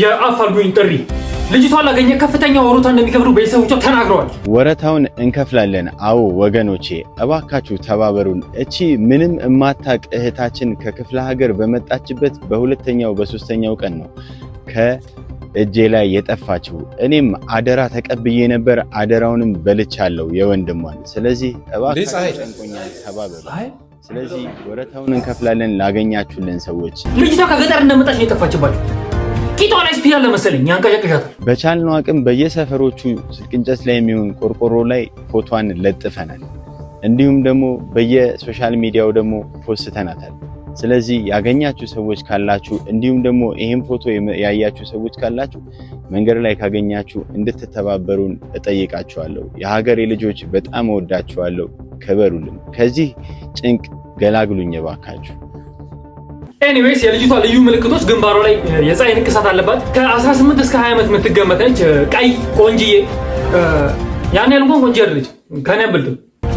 የአፋልጉኝ ጥሪ ልጅቷ ላገኘ ከፍተኛ ወሮታ እንደሚከፍሉ ቤተሰቦቿ ተናግረዋል። ወረታውን እንከፍላለን። አዎ ወገኖቼ እባካችሁ ተባበሩን። እቺ ምንም እማታቅ እህታችን ከክፍለ ሀገር በመጣችበት በሁለተኛው በሶስተኛው ቀን ነው ከ እጄ ላይ የጠፋችው እኔም አደራ ተቀብዬ ነበር፣ አደራውንም በልቻለሁ የወንድሟን። ስለዚህ እባክህ ጨንቆኛል፣ ተባበሩ። ስለዚህ ወረታውን እንከፍላለን ላገኛችሁልን ሰዎች። ልጅቷ ከገጠር እንደመጣች ነው የጠፋችባችሁ። ቂጧ ላይ ስፒራል ለመሰለኝ ያንቀዠቅዣታል። በቻልነው አቅም በየሰፈሮቹ ስልክ እንጨት ላይ የሚሆን ቆርቆሮ ላይ ፎቷን ለጥፈናል። እንዲሁም ደግሞ በየሶሻል ሚዲያው ደግሞ ፖስተናታል። ስለዚህ ያገኛችሁ ሰዎች ካላችሁ እንዲሁም ደግሞ ይህም ፎቶ ያያችሁ ሰዎች ካላችሁ መንገድ ላይ ካገኛችሁ እንድትተባበሩን እጠይቃችኋለሁ። የሀገሬ ልጆች በጣም እወዳችኋለሁ። ክበሩልን። ከዚህ ጭንቅ ገላግሉኝ እባካችሁ። ኤኒዌይስ የልጅቷ ልዩ ምልክቶች ግንባሯ ላይ የፀሐይ ንቅሳት አለባት። ከ18 እስከ 20 ዓመት የምትገመት ነች። ቀይ ቆንጅዬ፣ ያን ያል እንኳን ቆንጅ አይደለች። ከኔ ብልጥ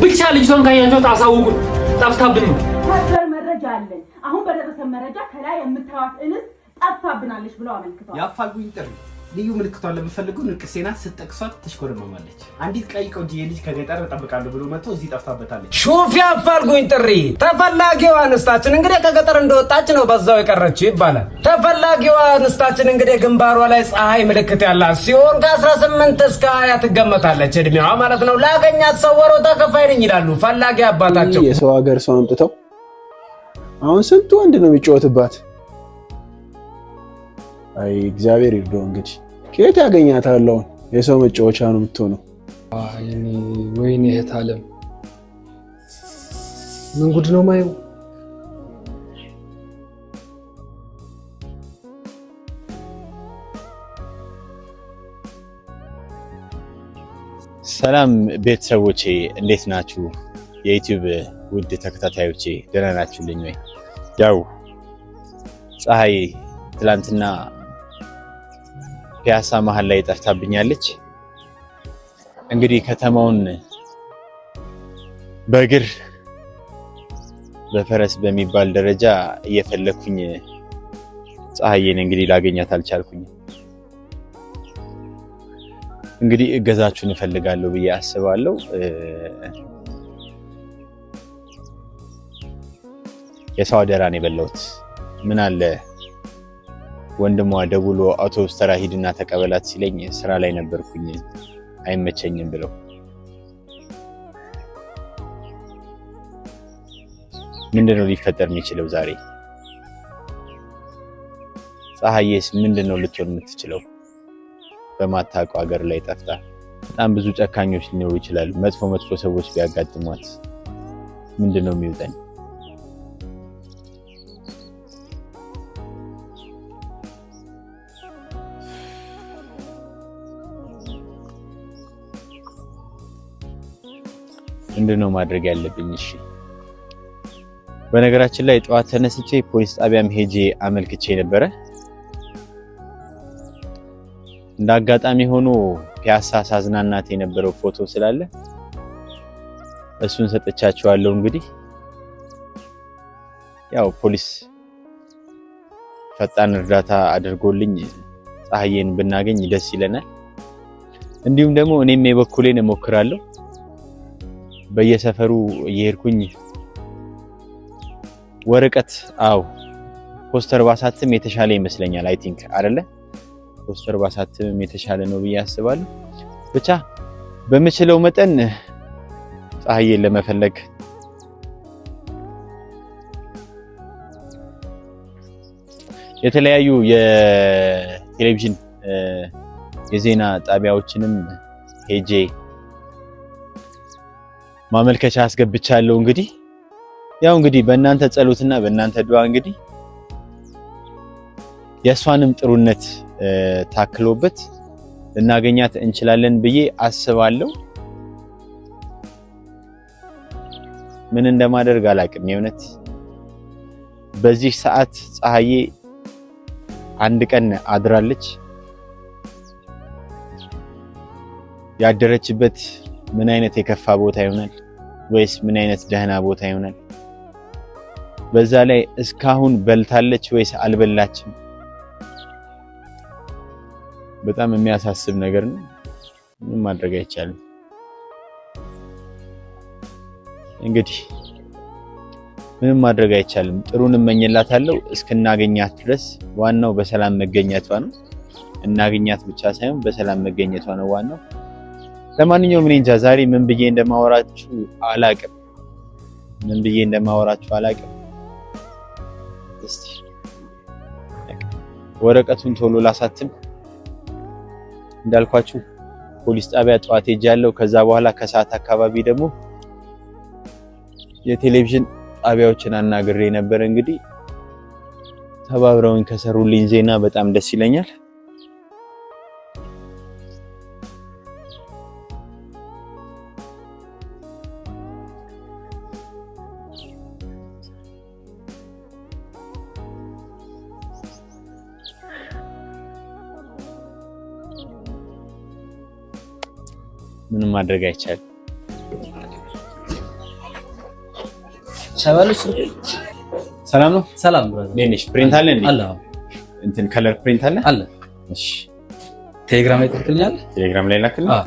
ብቻ ልጅቷን ካያቸው አሳውቁን። ጠፍታብን ነው በደረሰን መረጃ ከላይ የምታዩት እንስ ጠፍታብናለች ብለው አመልክተዋል። የአፋልጉኝ ጥሪ ልዩ ምልክቷን ለምፈልጉ ንቅሴና ስትጠቅሷት ተሽኮረመማለች። አንዲት ቀይ ቆንጆ ልጅ ከገጠር እጠብቃለሁ ብሎ መጥቶ እዚህ ጠፍታበታለች። ሹፌ አፋልጉኝ ጥሪ ተፈላጊዋ እንስታችን እንግዲህ ከገጠር እንደወጣች ነው በዛው የቀረችው ይባላል። ተፈላጊዋ እንስታችን እንግዲህ ግንባሯ ላይ ፀሐይ ምልክት ያላት ሲሆን ከ18 እስከ 20 ትገመታለች እድሜዋ ማለት ነው። ላገኛት ሰው ወሮታ ነኝ ይላሉ ፈላጊ አባታቸው የሰው ሀገር ሰው አምጥተው አሁን ስንት ወንድ ነው የሚጫወትባት? አይ እግዚአብሔር ይርዳው። እንግዲህ ከየት ያገኛታል? አሁን የሰው መጫወቻ ነው የምትሆነው። ወይኔ እህት ዓለም ምን ጉድ ነው ማየው። ሰላም ቤተሰቦቼ እንዴት ናችሁ? የዩቲዩብ ውድ ተከታታዮቼ ደህና ናችሁልኝ ወይ? ያው ፀሐይ ትላንትና ፒያሳ መሀል ላይ ጠፍታብኛለች። እንግዲህ ከተማውን በእግር በፈረስ በሚባል ደረጃ እየፈለኩኝ ፀሐይን እንግዲህ ላገኛት አልቻልኩኝ። እንግዲህ እገዛችሁን እፈልጋለሁ ብዬ አስባለሁ። የሰው አደራን የበላሁት ምን አለ ወንድሟ ደውሎ አውቶቡስ ተራ ሂድና ተቀበላት ሲለኝ ስራ ላይ ነበርኩኝ አይመቸኝም ብለው ምንድነው ሊፈጠር የሚችለው ዛሬ ፀሐዬስ ምንድነው ልትሆን የምትችለው በማታውቀው ሀገር ላይ ጠፍታ በጣም ብዙ ጨካኞች ሊኖሩ ይችላሉ መጥፎ መጥፎ ሰዎች ቢያጋጥሟት ምንድነው የሚውጠን ምንድን ነው ማድረግ ያለብኝ? እሺ በነገራችን ላይ ጠዋት ተነስቼ ፖሊስ ጣቢያም ሄጄ አመልክቼ ነበረ። እንደ አጋጣሚ ሆኖ ፒያሳ ሳዝናናት የነበረው ፎቶ ስላለ እሱን ሰጥቻቸዋለሁ። እንግዲህ ያው ፖሊስ ፈጣን እርዳታ አድርጎልኝ ፀሐዬን ብናገኝ ደስ ይለናል። እንዲሁም ደግሞ እኔም የበኩሌን እሞክራለሁ። በየሰፈሩ እየሄድኩኝ ወረቀት አው ፖስተር ባሳትም የተሻለ ይመስለኛል። አይ ቲንክ አይደለ ፖስተር ባሳትም የተሻለ ነው ብዬ አስባለሁ። ብቻ በምችለው መጠን ፀሐዬን ለመፈለግ የተለያዩ የቴሌቪዥን የዜና ጣቢያዎችንም ሄጄ ማመልከቻ አስገብቻለሁ። እንግዲህ ያው እንግዲህ በእናንተ ጸሎትና በእናንተ ዱዓ እንግዲህ የእሷንም ጥሩነት ታክሎበት ልናገኛት እንችላለን ብዬ አስባለሁ። ምን እንደማደርግ አላቅም። የእውነት በዚህ ሰዓት ፀሐዬ አንድ ቀን አድራለች። ያደረችበት ምን አይነት የከፋ ቦታ ይሆናል? ወይስ ምን አይነት ደህና ቦታ ይሆናል? በዛ ላይ እስካሁን በልታለች ወይስ አልበላችም? በጣም የሚያሳስብ ነገር ነው። ምንም ማድረግ አይቻልም። እንግዲህ ምንም ማድረግ አይቻልም። ጥሩን እመኝላታለሁ እስክናገኛት ድረስ። ዋናው በሰላም መገኘቷ ነው። እናገኛት ብቻ ሳይሆን በሰላም መገኘቷ ነው ዋናው። ለማንኛውም እኔ እንጃ ዛሬ ምን ብዬ እንደማወራችሁ አላቅም። ምን ብዬ እንደማወራችሁ አላቅም። እስቲ ወረቀቱን ቶሎ ላሳትም። እንዳልኳችሁ ፖሊስ ጣቢያ ጠዋት ሄጃለሁ። ከዛ በኋላ ከሰዓት አካባቢ ደግሞ የቴሌቪዥን ጣቢያዎችን አናግሬ ነበር። እንግዲህ ተባብረውኝ ከሰሩልኝ ዜና በጣም ደስ ይለኛል። ምንም ማድረግ አይቻልም። ሰላም ነው። ሰላም ነሽ? ፕሪንት አለ እንዴ? አለ። እንትን ከለር ፕሪንት አለ? አለ። እሺ። ቴሌግራም ላይ ትልክልኛለህ? ቴሌግራም ላይ ላክል። አዎ።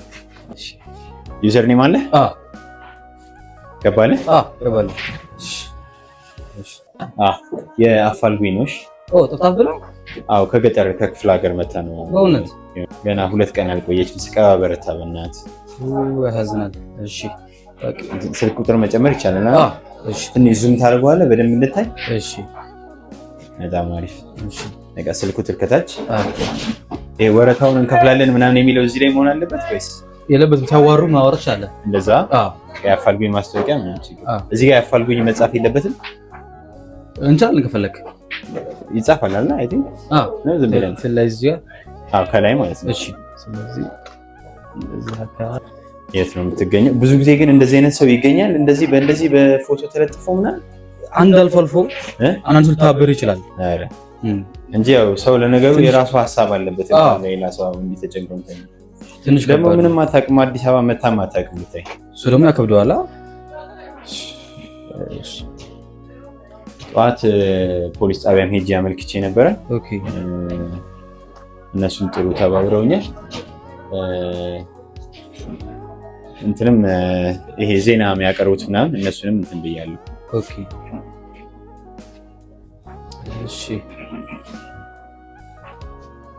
እሺ። ዩዘር ኔም አለ? አዎ። ገባለ? አዎ፣ ገባለ። እሺ። እሺ። አዎ፣ የአፋልጉኝ ነው። እሺ። ኦ፣ ተጣብለ? አዎ፣ ከገጠር ከክፍለ ሀገር መጣ ነው። በእውነት ገና ሁለት ቀን አልቆየችም። ስቀባ በረታ በእናትህ ያሳዝናል። እሺ ስልክ ቁጥር መጨመር ይቻላል። እሺ ትንሽ ዙም ታደርገዋለህ በደንብ እንድታይ። እሺ በጣም አሪፍ። እሺ በቃ ስልክ ቁጥር ከታች ወረታውን እንከፍላለን ምናምን የሚለው እዚህ ላይ መሆን አለበት ወይስ የለበትም? ተዋሩ ማወረች አለ እንደዛ። የአፋልጉኝ ማስታወቂያ ምናምን እዚህ ጋር የአፋልጉኝ መጻፍ የለበትም። እንችላለን ከፈለክ ይጻፋል አለ አይ ቲንክ ስለዚህ ከላይ ማለት ነው። እሺ ስለዚህ የት ነው የምትገኘው? ብዙ ጊዜ ግን እንደዚህ አይነት ሰው ይገኛል። እንደዚህ በእንደዚህ በፎቶ ተለጥፎ ምናምን አንድ አልፎ አልፎ አንድ ልተባበር ይችላል እንጂ ያው ሰው ለነገሩ የራሱ ሀሳብ አለበት። ሌላ ሰው እንዲተጨንቀም ትንሽ ደግሞ ምንም አታውቅም። አዲስ አበባ መታም አታውቅም። ብታይ እሱ ደግሞ ያከብደዋል። ጠዋት ፖሊስ ጣቢያም ሄጄ አመልክቼ ነበረ። እነሱም ጥሩ ተባብረውኛል። እንትንም ይሄ ዜና የሚያቀርቡት ምናምን እነሱንም እንትን ብያሉ። ኦኬ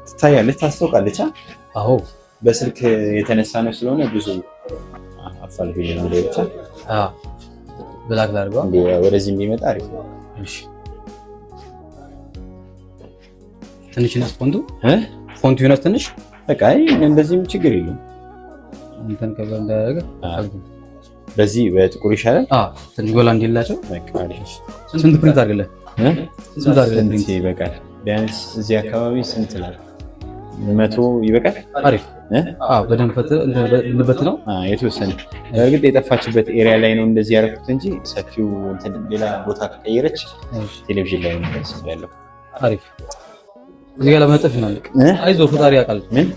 ትታያለች፣ ታስታውቃለች። አዎ በስልክ የተነሳ ነው ስለሆነ ብዙ አፋል ነው ብቻ ብላክ ላርጋ ወደዚህ እንዲመጣ አሪፍ ነው። ትንሽ ነስ ፎንቱ ፎንቱ ይነስ ትንሽ በቃ እንደዚህም ችግር የለም። አንተን ከበር እንዳያደርግ በዚህ በጥቁር ይሻላል። ትንሽ ጎላ እንዲላቸው ስንት ፕሪንት አድርግልህ? ስንት አድርግልህ? ይበቃል። ቢያንስ እዚህ አካባቢ ስንት ነው? መቶ ይበቃል። አሪፍ በደንፈት ልበት ነው የተወሰነ እርግጥ የጠፋችበት ኤሪያ ላይ ነው እንደዚህ ያደረኩት እንጂ ሰፊው ሌላ ቦታ ከቀየረች ቴሌቪዥን ላይ ነው ያለው። አሪፍ እዚህ ጋር ለመጠፍ ይሆናል። አይዞህ ፈጣሪ ያውቃል። ምን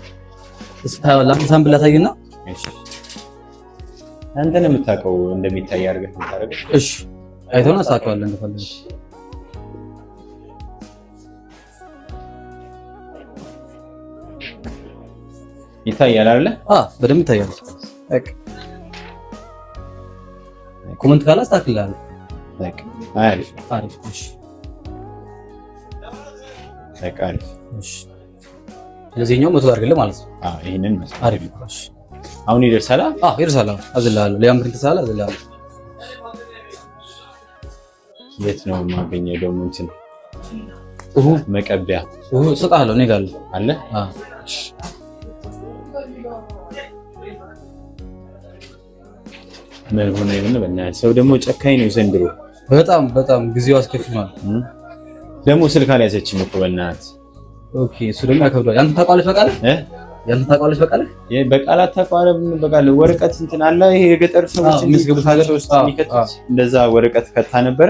ላምሳም ብላ ታይና አንተ ነው የምታውቀው እንደሚታይ አድርገህ የምታደርገው። እሺ አይተውን አሳካዋለን እንደፈለገ ይታያል አይደለ? አዎ በደንብ ይታያል። በቃ ኮመንት ካላስተካክላለሁ። በቃ አሪፍ አሪፍ። እሺ በቃ መቶ አድርግልህ ማለት ነው። ይህንን አሪፍ። አሁን ይደርሳል ይደርሳል። አዝልሃለሁ። ሊያምር ትስላል። አዝልሃለሁ። የት ነው የማገኘው ደግሞ እንትን መቀቢያ እሰጥሃለሁ። እኔ ጋር አለ። ምን ሆነ? ሰው ደግሞ ጨካኝ ነው ዘንድሮ። በጣም በጣም ጊዜው አስከፊ ነው። ደግሞ ስልክ አልያዘችም እኮ በእናትህ። ኦኬ እሱ ደግሞ ያከብዳል። ያንተ ታውቃለች በቃለህ እ ያንተ ታውቃለች በቃለህ እ በቃላት ታውቃለህ በቃለህ ወረቀት እንትን አለ ይሄ የገጠር ሰዎች የሚያስገቡት ሀገር ውስጥ የሚከቱት እንደዛ ወረቀት ከታ ነበረ።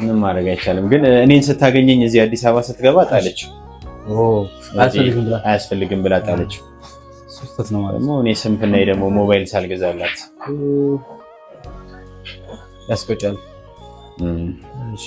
ምንም ማድረግ አይቻልም። ግን እኔን ስታገኘኝ እዚህ አዲስ አበባ ስትገባ ጣለችው። ኦ አያስፈልግም ብላ ጣለችው። ስህተት ነው ማለት ነው። እኔ ስንፍናዬ ደግሞ ሞባይል ሳልገዛላት ያስቆጫል። እሺ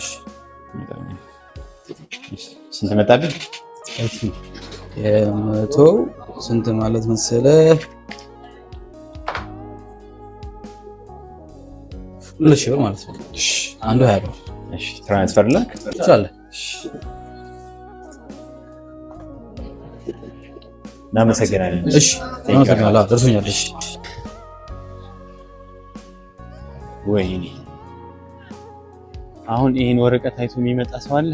እሺ ስንት መጣብኝ? እሺ የመቶ ስንት ማለት መሰለ ሁለት ሺህ ብር ማለት ነው። አንዱ ሀያ ብር ትራንስፈር ላክ ትችላለህ። እናመሰግናለን። ደርሶኛል። ወይኔ አሁን ይህን ወረቀት አይቶ የሚመጣ ሰው አለ?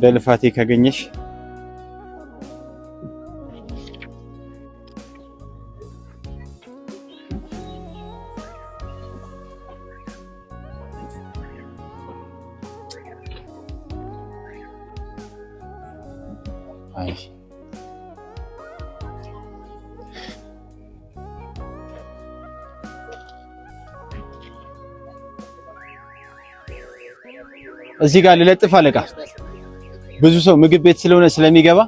በልፋቴ ካገኘሽ እዚህ ጋር ልለጥፍ አለቃ። ብዙ ሰው ምግብ ቤት ስለሆነ ስለሚገባ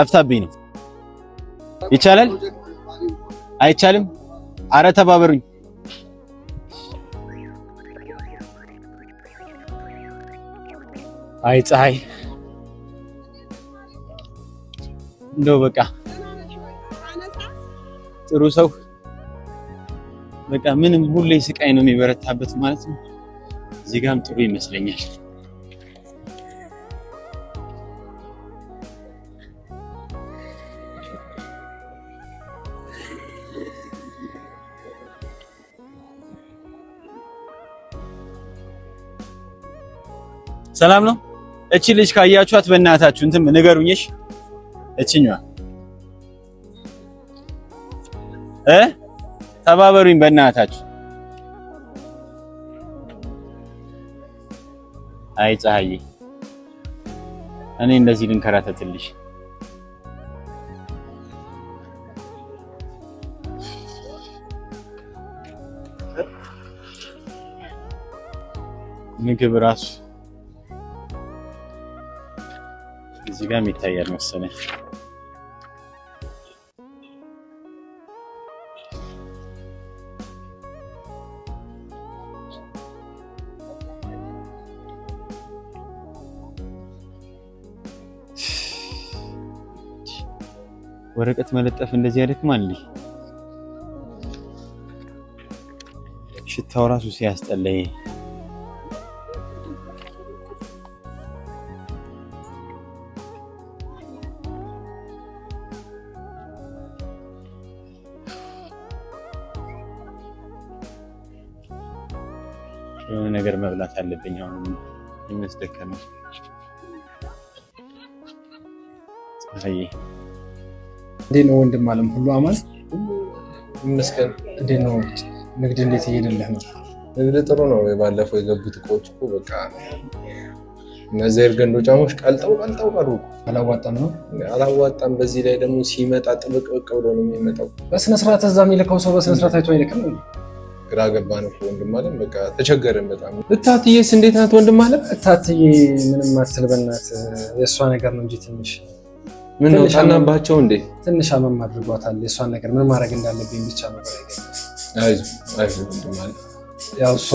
ጠፍታብኝ ነው። ይቻላል አይቻልም? አረ ተባበሩኝ። አይ ፀሐይ እንደው በቃ ጥሩ ሰው በቃ ምንም ሁሌ ስቃይ ነው የሚበረታበት ማለት ነው። እዚህ ጋርም ጥሩ ይመስለኛል። ሰላም ነው። እቺ ልጅ ካያችኋት በእናታችሁ እንትም ንገሩኝሽ። እቺኛ እ ተባበሩኝ በእናታችሁ። አይ ፀሐዬ፣ እኔ እንደዚህ ልንከራተትልሽ ምግብ ራሱ قام يتهيأ مستني ወረቀት መለጠፍ እንደዚህ ያደክማል። ሽታው ራሱ ሲያስጠላ የሆነ ነገር መብላት አለብኝ። አሁን የሚያስደከመ እንዴት ነው ወንድም አለም ሁሉ አማን ይመስገን። እንዴት ነው ንግድ እንዴት እየሄደልህ ነው? ንግድ ጥሩ ነው። የባለፈው የገቡት እቃዎች እኮ በቃ እነዚህ እርገንዶ ጫሞች ቀልጠው ቀልጠው ቀሩ። አላዋጣም ነው አላዋጣም። በዚህ ላይ ደግሞ ሲመጣ ጥብቅብቅ ብሎ ነው የሚመጣው። በስነስርዓት እዛ የሚልከው ሰው በስነስርዓት አይቶ አይልክም። ግራ ገባን እኮ ወንድም አለም በቃ ተቸገረን በጣም። እታትዬስ እንዴት ናት ወንድም አለም? እታትዬ ምንም አትል በእናት የእሷ ነገር ነው እንጂ ትንሽ ምን ነው ጫናባቸው እንዴ? ትንሽ አመም አድርጓታል። የእሷን ነገር ምን ማድረግ እንዳለብኝ ብቻ ነው። ያው እሷ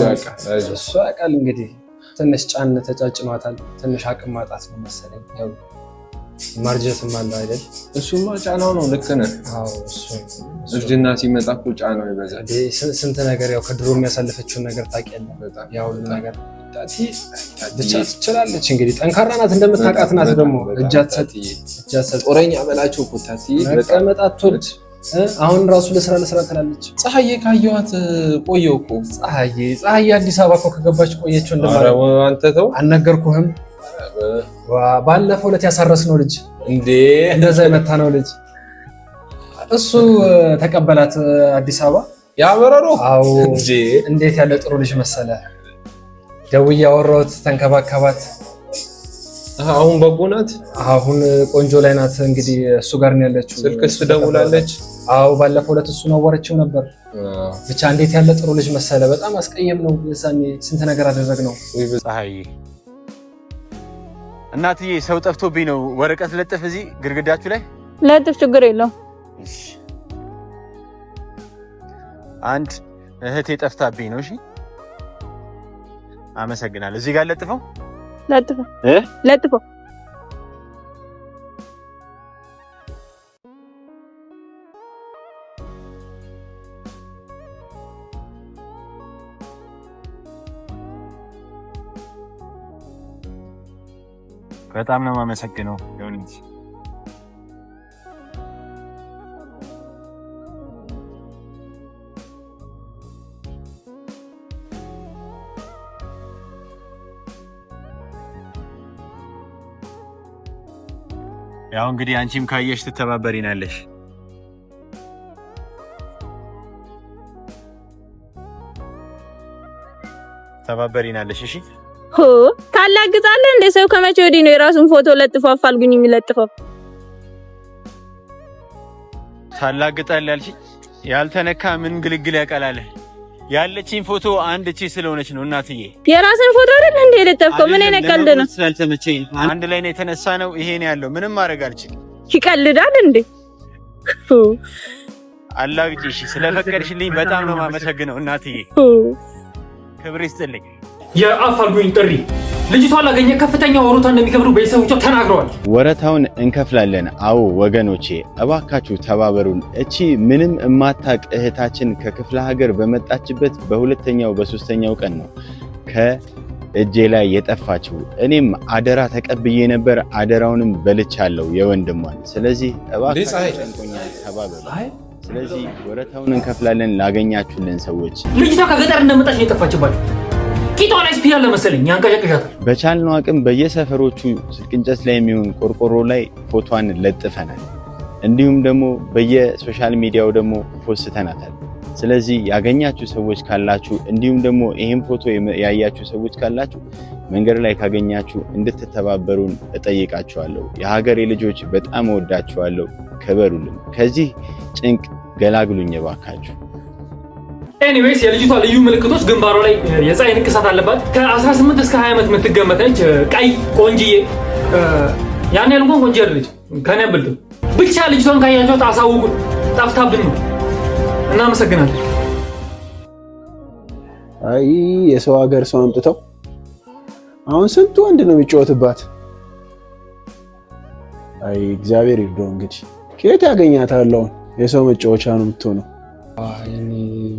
ያውቃል እንግዲህ ትንሽ ጫን ተጫጭኗታል። ትንሽ አቅም ማጣት ነው መሰለኝ ማርጀትም አለ አይደል? እሱማ ጫናው ነው። ልክ ነህ። እርጅና ሲመጣ እኮ ጫናው ይበዛል። ስንት ነገር ያው ከድሮ የሚያሳልፈችውን ነገር ታውቂያለህ። ያው ነገር ብቻ ትችላለች። እንግዲህ ጠንካራ ናት፣ እንደምታውቃት ናት። ደግሞ እጅ አትሰጥ። ጦረኛ በላቸው እኮ ታትዬ መቀመጥ አትወድ። አሁን ራሱ ለስራ ለስራ ትላለች። ፀሐዬ ካየኋት ቆየው እኮ ፀሐዬ ፀሐዬ አዲስ አበባ እኮ ከገባች ቆየችው። እንደማለት አንተ ተው አልነገርኩህም ባለፈው ዕለት ያሳረስነው ልጅ እንደዛ የመታ ነው ልጅ እሱ ተቀበላት አዲስ አበባ ያበረሩ። አዎ እንዴት ያለ ጥሩ ልጅ መሰለ። ደውዬ አወራሁት፣ ተንከባከባት። አሁን በጎ ናት፣ አሁን ቆንጆ ላይ ናት። እንግዲህ እሱ ጋር ነው ያለችው። ስልክስ ደውላለች? አዎ ባለፈው ዕለት እሱ ነው ነበር። ብቻ እንዴት ያለ ጥሩ ልጅ መሰለ። በጣም አስቀየም ነው። ስንት ነገር አደረግ ነው። ፀሐይ እናትዬ ሰው ጠፍቶብኝ ነው። ወረቀት ለጥፍ፣ እዚህ ግድግዳችሁ ላይ ለጥፍ። ችግር የለው። አንድ እህቴ ጠፍታብኝ ነው። እሺ፣ አመሰግናለሁ። እዚህ ጋር ለጥፈው፣ ለጥፈው፣ ለጥፈው በጣም ነው የማመሰግነው እንጂ ያው እንግዲህ አንቺም ካየሽ ትተባበሪናለሽ። ተባበሪናለሽ እሺ ሆ ታላግጣለህ እንደ ሰው ከመቼ ወዲህ ነው የራሱን ፎቶ ለጥፎ አፋልጉኝ የሚለጥፈው? ታላግጣለህ አልሽኝ። ያልተነካ ምን ግልግል ያቀላለ ያለችኝ ፎቶ አንድ እቺ ስለሆነች ነው እናትዬ። የራስን ፎቶ አይደል እንዴ የለጠፍከው? ምን አይነት ቀልድ ነው? ስላልተመቸኝ አንድ ላይ ነው የተነሳ ነው። ይሄን ያለው ምንም ማድረግ አልችል። ይቀልዳል እንዴ? አላግጪሽ። ስለፈቀድሽልኝ በጣም ነው የማመሰግነው እናትዬ። ክብር ይስጥልኝ። የአፋልጉኝ ጥሪ ልጅቷ ላገኘ ከፍተኛ ወሮታ እንደሚከፍሉ ቤተሰቦቿ ተናግረዋል። ወረታውን እንከፍላለን። አዎ ወገኖቼ እባካችሁ ተባበሩን። እቺ ምንም እማታቅ እህታችን ከክፍለ ሀገር በመጣችበት በሁለተኛው በሶስተኛው ቀን ነው ከእጄ ላይ የጠፋችው። እኔም አደራ ተቀብዬ ነበር፣ አደራውንም በልቻለሁ የወንድሟን። ስለዚህ እባካችሁ ጨንቆኛል፣ ተባበሩ። ስለዚህ ወረታውን እንከፍላለን ላገኛችሁልን ሰዎች ልጅቷ ከገጠር እንደመጣች ነው የጠፋችባችሁ ቂጧን አይስፒ ያለ መሰለኝ ያንቀዠቅዣታል። በቻልነው አቅም በየሰፈሮቹ ስልክ እንጨት ላይ የሚሆን ቆርቆሮ ላይ ፎቷን ለጥፈናል። እንዲሁም ደግሞ በየሶሻል ሚዲያው ደግሞ ፖስተናታል። ስለዚህ ያገኛችሁ ሰዎች ካላችሁ እንዲሁም ደግሞ ይህም ፎቶ ያያችሁ ሰዎች ካላችሁ መንገድ ላይ ካገኛችሁ እንድትተባበሩን እጠይቃችኋለሁ። የሀገሬ ልጆች በጣም እወዳችኋለሁ። ከበሩልን፣ ከዚህ ጭንቅ ገላግሉኝ እባካችሁ። ኤኒዌይስ የልጅቷ ልዩ ምልክቶች ግንባሯ ላይ የፀሐይ ንቅሳት አለባት። ከ18 እስከ 20 ዓመት ነች። ቀይ ቆንጅዬ፣ ያን ያል እንኳን ቆንጅ አይደለች፣ ከኔ ብልጥ ብቻ። ልጅቷን ካያቸው አሳውቁን፣ ጠፍታብን ነው። እናመሰግናለን። አይ የሰው ሀገር ሰው አምጥተው አሁን ስንቱ ወንድ ነው የሚጫወትባት። አይ እግዚአብሔር ይርዶ። እንግዲህ ከየት ያገኛታል? አሁን የሰው መጫወቻ ነው የምትሆነው።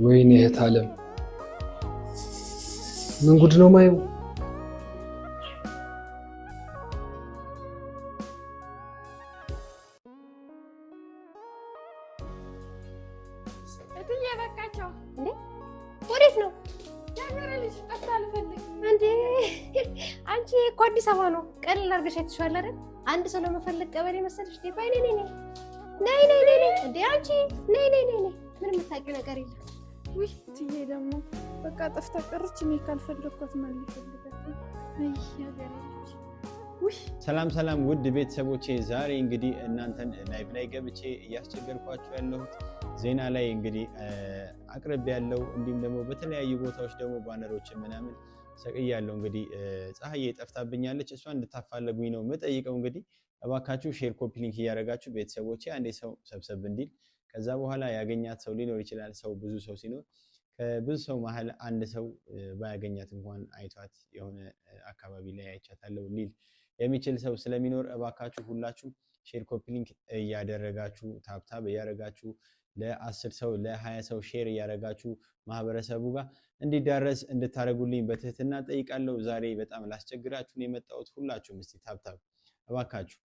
ወይኔ እህት አለም ምን ጉድ ነው ማየው? አዲስ አበባ ነው። ቀለል አድርገሽ አይተሽዋል አይደል? አንድ ሰው ለመፈለግ ቀበሌ መሰለሽ? ነይ ነይ ነይ ነይ ነይ ነይ ነይ ምንም የምታውቂው ነገር የለም። ውይ ትዬ ደግሞ በቃ ጠፍታ ቀረች። እኔ ካልፈለግኳት ማን ይፈልጋል? ሰላም ሰላም፣ ውድ ቤተሰቦቼ ዛሬ እንግዲህ እናንተን ላይቭ ላይ ገብቼ እያስቸገርኳቸው ያለሁት ዜና ላይ እንግዲህ አቅርብ ያለው እንዲሁም ደግሞ በተለያዩ ቦታዎች ደግሞ ባነሮች ምናምን ሰቅያለሁ። እንግዲህ ፀሐዬ ጠፍታብኛለች፣ እሷ እንድታፋለጉኝ ነው የምጠይቀው። እንግዲህ እባካችሁ ሼር፣ ኮፒ ሊንክ እያደረጋችሁ ቤተሰቦቼ አንዴ ሰው ሰብሰብ እንዲል ከዛ በኋላ ያገኛት ሰው ሊኖር ይችላል። ሰው ብዙ ሰው ሲኖር ከብዙ ሰው መሀል አንድ ሰው ባያገኛት እንኳን አይቷት የሆነ አካባቢ ላይ አይቻታለሁ ሊል የሚችል ሰው ስለሚኖር እባካችሁ ሁላችሁ ሼር ሊንክ እያደረጋችሁ ታብታብ እያደረጋችሁ ለአስር ሰው ለሀያ ሰው ሼር እያደረጋችሁ ማህበረሰቡ ጋር እንዲዳረስ እንድታደረጉልኝ በትህትና ጠይቃለሁ። ዛሬ በጣም ላስቸግራችሁን የመጣሁት ሁላችሁም እስቲ ታብታብ እባካችሁ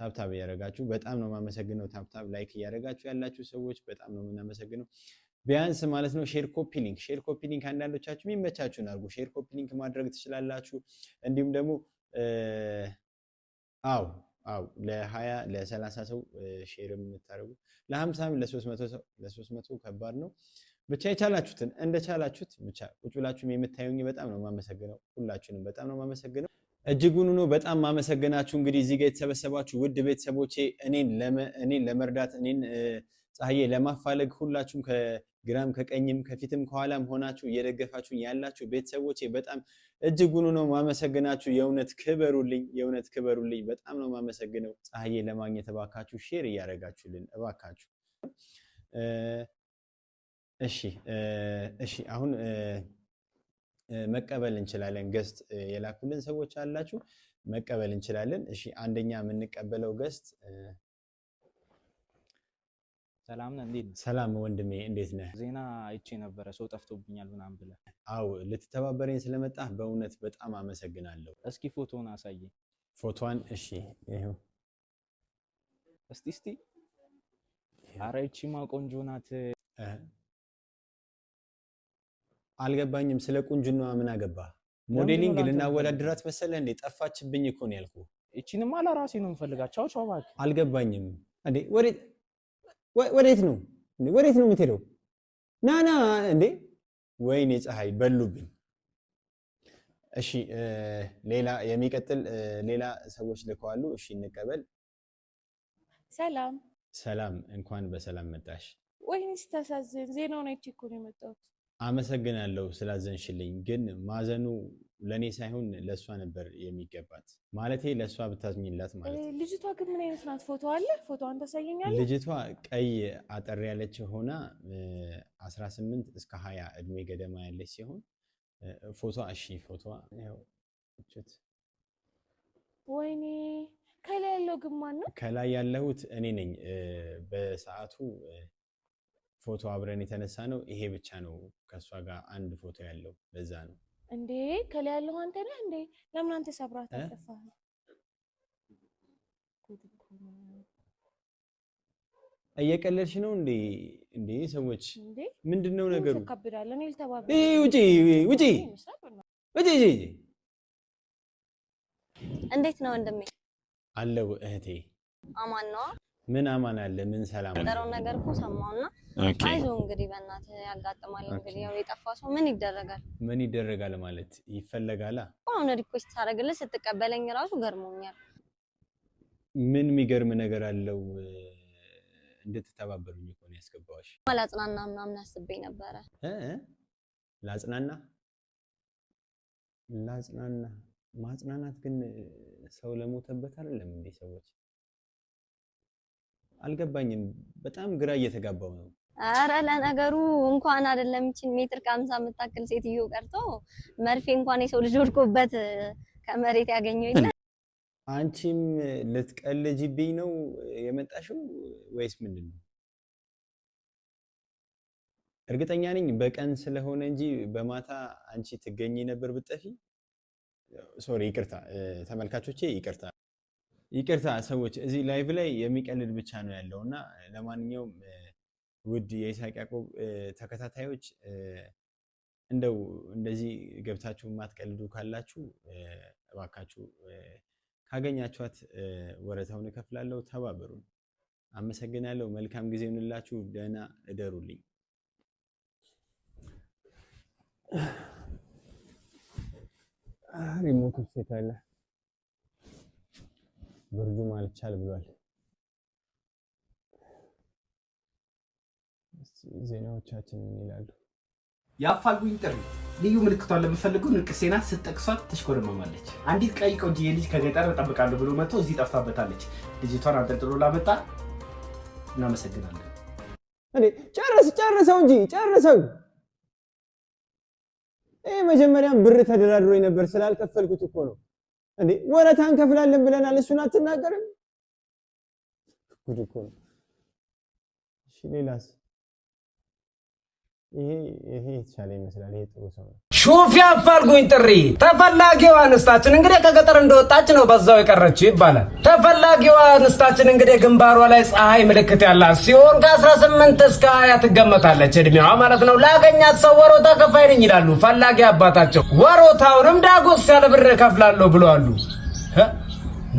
ታብታብ እያደረጋችሁ በጣም ነው የማመሰግነው። ታብታብ ላይክ እያደረጋችሁ ያላችሁ ሰዎች በጣም ነው የምናመሰግነው። ቢያንስ ማለት ነው ሼር ኮፒ ሊንክ ሼር ኮፒ ሊንክ አንዳንዶቻችሁ የሚመቻችሁን አድርጉ። ሼር ኮፒ ሊንክ ማድረግ ትችላላችሁ። እንዲሁም ደግሞ አው አው ለ20 ለ30 ሰው ሼር የምታደርጉ ለ50 ለ300 ሰው ከባድ ነው። ብቻ የቻላችሁትን እንደቻላችሁት ብቻ ቁጭ ብላችሁም የምታዩኝ በጣም ነው የማመሰግነው። ሁላችሁንም በጣም ነው የማመሰግነው። እጅጉን ሆኖ በጣም ማመሰገናችሁ። እንግዲህ እዚህ ጋር የተሰበሰባችሁ ውድ ቤተሰቦቼ እኔን ለመርዳት እኔን ፀሐዬ ለማፋለግ ሁላችሁም ከግራም ከቀኝም ከፊትም ከኋላም ሆናችሁ እየደገፋችሁ ያላችሁ ቤተሰቦቼ በጣም እጅጉን ሆኖ ማመሰግናችሁ። የእውነት ክበሩልኝ፣ የእውነት ክበሩልኝ። በጣም ነው ማመሰግነው። ፀሐዬ ለማግኘት እባካችሁ ሼር እያደረጋችሁልን እባካችሁ። እሺ፣ እሺ አሁን መቀበል እንችላለን። ገስት የላኩልን ሰዎች አላችሁ፣ መቀበል እንችላለን። እሺ አንደኛ የምንቀበለው ገስት ሰላም ነህ፣ እንዴት ነህ? ሰላም ወንድሜ፣ እንዴት ነህ? ዜና አይቼ ነበረ ሰው ጠፍቶብኛል ምናምን ብለህ። አዎ ልትተባበረኝ ስለመጣ በእውነት በጣም አመሰግናለሁ። እስኪ ፎቶን አሳየ ፎቶን እሺ ይኸው። እስቲ እስቲ። ኧረ ይቺማ ቆንጆ ናት። አልገባኝም። ስለ ቁንጅና ምን አገባ? ሞዴሊንግ ልናወዳድራት መሰለ እንዴ? ጠፋችብኝ እኮ ነው ያልኩ። እቺንም አላ ራሴ ነው የምፈልጋቸው። ቻው ቻው። አልገባኝም። እንዴ ወዴት ነው ወዴት ነው የምትሄደው? ናና እንዴ! ወይኔ ፀሐይ በሉብኝ። እሺ ሌላ የሚቀጥል ሌላ ሰዎች ልከዋሉ። እሺ እንቀበል። ሰላም ሰላም፣ እንኳን በሰላም መጣሽ። ወይኔ ስታሳዝን፣ ዜናውን አይቼ እኮ ነው የመጣሁት አመሰግናለሁ ስላዘንሽልኝ፣ ግን ማዘኑ ለእኔ ሳይሆን ለእሷ ነበር የሚገባት። ማለቴ ለእሷ ብታዝኝላት ማለት ነው። ልጅቷ ግን ምን አይነት ናት? ፎቶ አለ? ፎቶዋን ታሳየኛለህ? ልጅቷ ቀይ አጠር ያለች ሆና 18 እስከ 20 እድሜ ገደማ ያለች ሲሆን ፎቶ እሺ፣ ፎቶ ወይኔ፣ ከላይ ያለው ግማን ነው። ከላይ ያለሁት እኔ ነኝ በሰዓቱ ፎቶ አብረን የተነሳ ነው። ይሄ ብቻ ነው ከእሷ ጋር አንድ ፎቶ ያለው። በዛ ነው እንዴ ከላይ ያለው አንተ ነህ እንዴ? ለምን አንተ ሰብራት አልጠፋህ? እየቀለድሽ ነው እንዴ? እንዴ ሰዎች ምንድን ነው ነገሩ? ውጪ ውጪ ውጪ! እንዴት ነው ወንድሜ? አለው እህቴ። አማን ነዋ ምን አማን አለ? ምን ሰላም አለ? ጠረው ነገር እኮ ሰማውና፣ አይዞ እንግዲህ በእናትህ ያጋጥማል። እንግዲህ ያው የጠፋ ሰው ምን ይደረጋል? ምን ይደረጋል ማለት ይፈለጋላ። አሁን ሪኩዌስት ታደርግልህ ስትቀበለኝ ራሱ ገርሞኛል። ምን የሚገርም ነገር አለው? እንድትተባበሩኝ እኮ ነው ያስገባዋሽ። ላጽናና ምናምን አስቤ ነበረ። ላጽናና ላጽናና ማጽናናት ግን ሰው ለሞተበት አይደለም እንዴ ሰዎች አልገባኝም። በጣም ግራ እየተጋባው ነው። አረ ለነገሩ እንኳን አይደለም ይችን ሜትር ከአምሳ የምታክል ሴትዮ ቀርቶ መርፌ እንኳን የሰው ልጅ ወድቆበት ከመሬት ያገኘው የለ። አንቺም ልትቀልጂብኝ ነው የመጣሽው ወይስ ምንድን ነው? እርግጠኛ ነኝ በቀን ስለሆነ እንጂ በማታ አንቺ ትገኝ ነበር ብጠፊ። ሶሪ ይቅርታ ተመልካቾቼ ይቅርታ። ይቅርታ ሰዎች እዚህ ላይቭ ላይ የሚቀልድ ብቻ ነው ያለው እና ለማንኛውም ውድ የኢሳቅ ያቆብ ተከታታዮች እንደው እንደዚህ ገብታችሁ የማትቀልዱ ካላችሁ እባካችሁ ካገኛችኋት ወረታውን እከፍላለሁ፣ ተባበሩን። አመሰግናለሁ። መልካም ጊዜ ይሁንላችሁ። ደህና እደሩልኝ። ሪሞት ሴት ብርዱ ማልቻል ብሏል። ዜናዎቻችን ምን ይላሉ? የአፋልጉኝ ጥሪ ልዩ ምልክቷን ለምፈልገው ንቅስ ዜና ስትጠቅሷት ትሽኮረመማለች። አንዲት ቀይ ቆንጆ ልጅ ከገጠር እጠብቃለሁ ብሎ መጥቶ እዚህ ጠፍታበታለች። ልጅቷን አንጠልጥሎ ላመጣ እናመሰግናለን። እኔ ጨርስ ጨርሰው እንጂ ጨርሰው። ይህ መጀመሪያም ብር ተደራድሮ ነበር ስላልከፈልኩት እኮ ነው እንዴ ወረታ እንከፍላለን ብለናል። እሱን አትናገርም? ጉድ እኮ ነው። ሌላስ ይሄ የተሻለ ይመስላል። ይሄ ጥሩ ሰው ነው። ሹፌ አፋልጉኝ ጥሪ ተፈላጊዋ እንስታችን እንግዲህ ከገጠር እንደወጣች ነው በዛው የቀረችው ይባላል። ተፈላጊዋ እንስታችን እንግዲህ ግንባሯ ላይ ፀሐይ ምልክት ያላት ሲሆን ከ18 እስከ 20 ትገመታለች እድሜዋ ማለት ነው። ላገኛት ሰው ወሮታ ከፋይ ነኝ ይላሉ ፈላጊ አባታቸው። ወሮታውንም ዳጎስ ያለ ብር እከፍላለሁ ብለዋሉ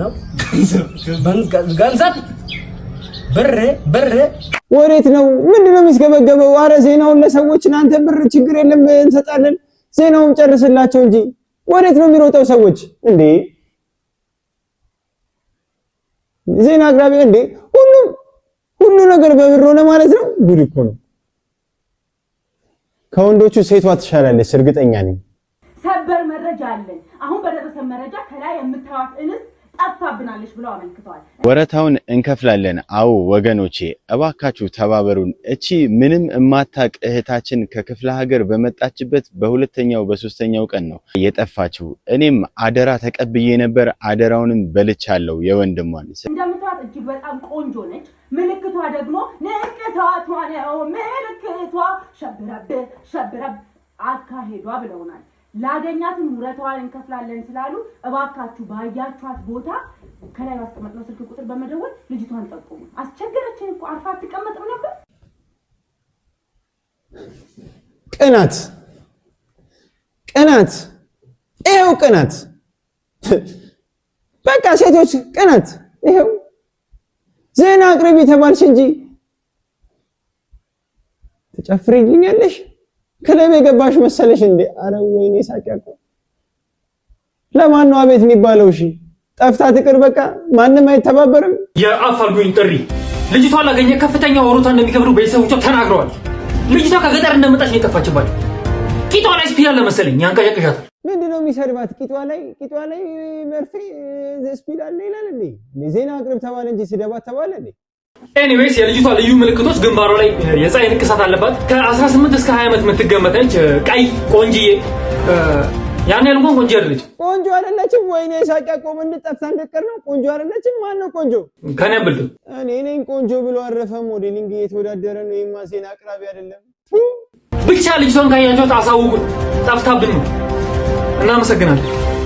ነው ገንዘብ ብር ብር ወዴት ነው? ምንድን ነው የሚስገበገበው? አረ ዜናውን ለሰዎች እናንተ ብር ችግር የለም እንሰጣለን፣ ዜናውም ጨርስላቸው እንጂ ወዴት ነው የሚሮጠው? ሰዎች እንዴ ዜና አቅራቢ እንዴ ሁሉም ሁሉ ነገር በብር ሆነ ማለት ነው። ጉድ እኮ ነው። ከወንዶቹ ሴቷ ትሻላለች፣ እርግጠኛ ነኝ። ሰበር መረጃ አለን። አሁን በደረሰ መረጃ ከላይ የምታዩት እንስት ጠፍታብናለች ብለው አመልክተዋል። ወረታውን እንከፍላለን። አዎ ወገኖቼ እባካችሁ ተባበሩን። እቺ ምንም እማታቅ እህታችን ከክፍለ ሀገር በመጣችበት በሁለተኛው በሶስተኛው ቀን ነው የጠፋችው። እኔም አደራ ተቀብዬ ነበር። አደራውንም በልቻለሁ። የወንድሟን እንደምታት እጅግ በጣም ቆንጆ ነች። ምልክቷ ደግሞ ንቅሳቷ ነው። ምልክቷ ሸብረብ ሸብረብ አካሄዷ ብለውናል። ላገኛትን ውረቷን እንከፍላለን ስላሉ እባካችሁ ባያችኋት ቦታ ከላይ ባስቀመጥነው ስልክ ቁጥር በመደወል ልጅቷን ጠቁሙ። አስቸገረችን እኮ አርፋ አትቀመጥም ነበር። ቅናት ቅናት፣ ይሄው ቅናት። በቃ ሴቶች ቅናት ይሄው ዜና አቅርቢ ተባልሽ እንጂ ተጨፍሪልኛለሽ ክለብ የገባሽ መሰለሽ እንዴ? አረ ወይኔ ሳቂያቆ ለማን ነው አቤት የሚባለው? እሺ ጠፍታ ትቅር፣ በቃ ማንም አይተባበርም። የአፋልጉኝ ጥሪ ልጅቷ ላገኘ ከፍተኛ ወሮታ እንደሚከፍሉ ቤተሰቦቿ ተናግረዋል። ልጅቷ ከገጠር እንደመጣች ነው የጠፋችባቸው። ቂጧ ላይ ስፒል አለ መሰለኝ ያንቀዠቅዣታል። ምንድን ነው የሚሰድባት? ቂጧ ላይ ቂጧ ላይ መርፌ ስፒል አለ ይላል እንዴ? ዜና አቅርብ ተባለ እንጂ ስደባት ተባለ እንዴ? ኤኒዌይስ የልጅቷ ልዩ ምልክቶች ግንባሯ ላይ የፀሐይ ንቅሳት አለባት። ከ18 እስከ 20 ዓመት የምትገመት ነች። ቀይ ቆንጅዬ፣ ያን ያህል እንኳን ቆንጆ አይደለች። ቆንጆ አይደለችም። ወይኔ ሻቂ ቆም እንድጠፍታ እንደቀር ነው። ቆንጆ አይደለችም። ማን ነው ቆንጆ? ከኔ ብልጥ እኔ ነኝ ቆንጆ ብሎ አረፈ። ሞዴሊንግ እየተወዳደረ ነው። ይሄማ ዜና አቅራቢ አይደለም። ብቻ ልጅቷን ካያችኋት አሳውቁን። ጠፍታብን ነው። እናመሰግናለን።